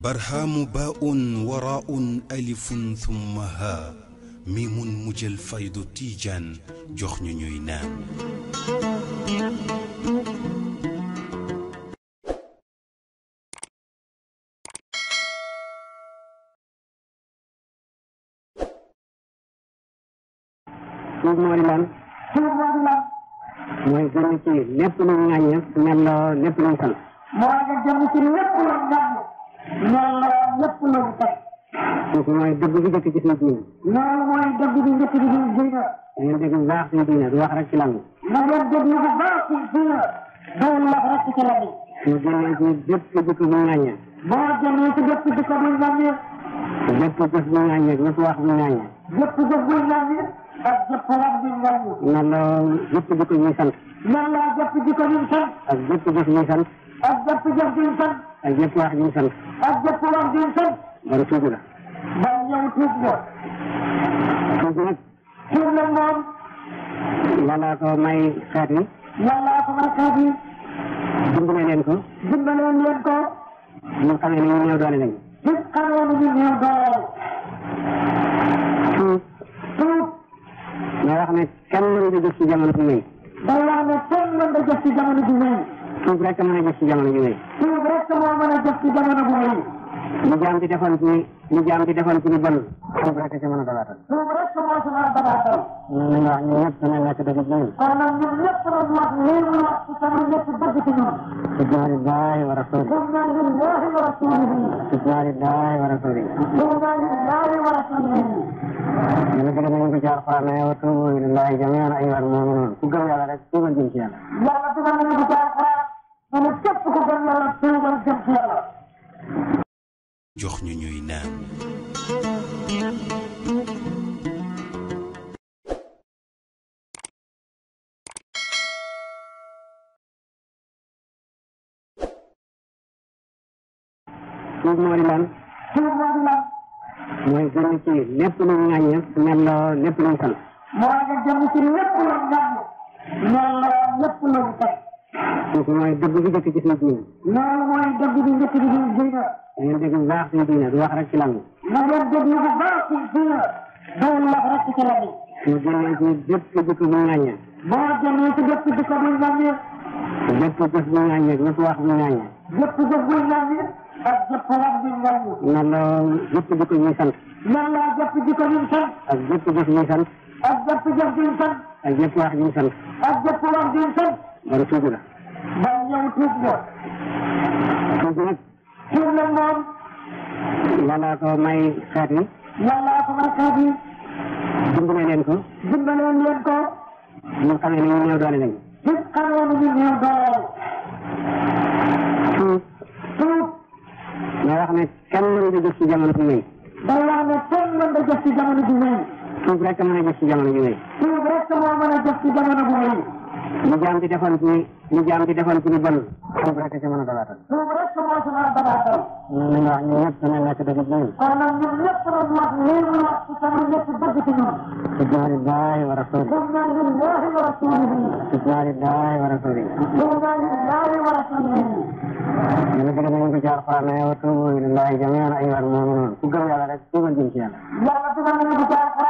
barhaamu baaun waraaun alifun thumma haa miimun mu jël faydu jox ñu ñuy kooku mooy dëgg bi dëkk ci suñu diine. loolu ba ñëw tuub ko. tuub nag. tuub nag moom. yàlla ko may xeet yi. yàlla ko may xeet yi. dimbale leen ko. dimbale leen ko. ñu xamee ne ñu néew doole lañu. ñu xamee ne ñu néew doole. tuub. tuub. day wax ne kenn mënu ko jëf ci jamono bi may. day wax ne kenn mënu ko jëf ci jamono bi may. tuub rek mën a jëf ci jamono bi may. tuub rek moo mën a jëf ci jamono bi may. lu jaam di defoon ci lu jaam di defoon ci lu bon xam rek jox ñu ñuy naan suuf moo di lan suuf moo di lan mooy génn ci lépp lu ŋàññ ñelloo lépp luñ tal mooy nga ci lépp lu ŋàññ lépp luñ tal suuf mooy dëgg ci suñu diine mooy dëgg bi da ngeen dégg bu baax suñu diine du wax rek ci langu. da ngeen dégg bu baax suñu diine du wax rek ci langu. mu génnee ci bépp dëkk bu ñaañee. boo génnee ci bépp dëkk bu ñaañee. bépp jëf bu ñaañee bépp wax bu ñaañee. bépp jëf bu ñaañee ak bépp wax bu ñaañee. na la bépp jikko ñuy sant. na la bépp jikko ñuy sant. ak bépp jëf ñuy sant. ak bépp jëf ñuy sant. ak bépp wax ñuy sant. ak bépp wax ñuy sant. ba tuub la. ba ñëw tuub la. yàllaa ko may xeet wi. ko may xeet wi. dimbale leen ko. dimbale leen ko. ñu xamee ne ñu néew doole lañu. ñu xamee ne ñu néew doole lañu. tuub. wax ne kenn mën nga jëf ci jamono bi wéy. day wax ne kenn mën nga jëf ci jamono bi wéy. tuub rek mën a jëf ci jamono bi rek ci jamono bi ci ci പ്രാർത്ഥിച്ച നിങ്ങൾ അങ്ങനെ ചേർപ്പാണ് ഏവർക്കും ഉണ്ടായി ജമയാണ് ഈ വരുന്നതിനോട് കുക്കറിയാതെ രക്തം ചിരിക്കുകയാണ്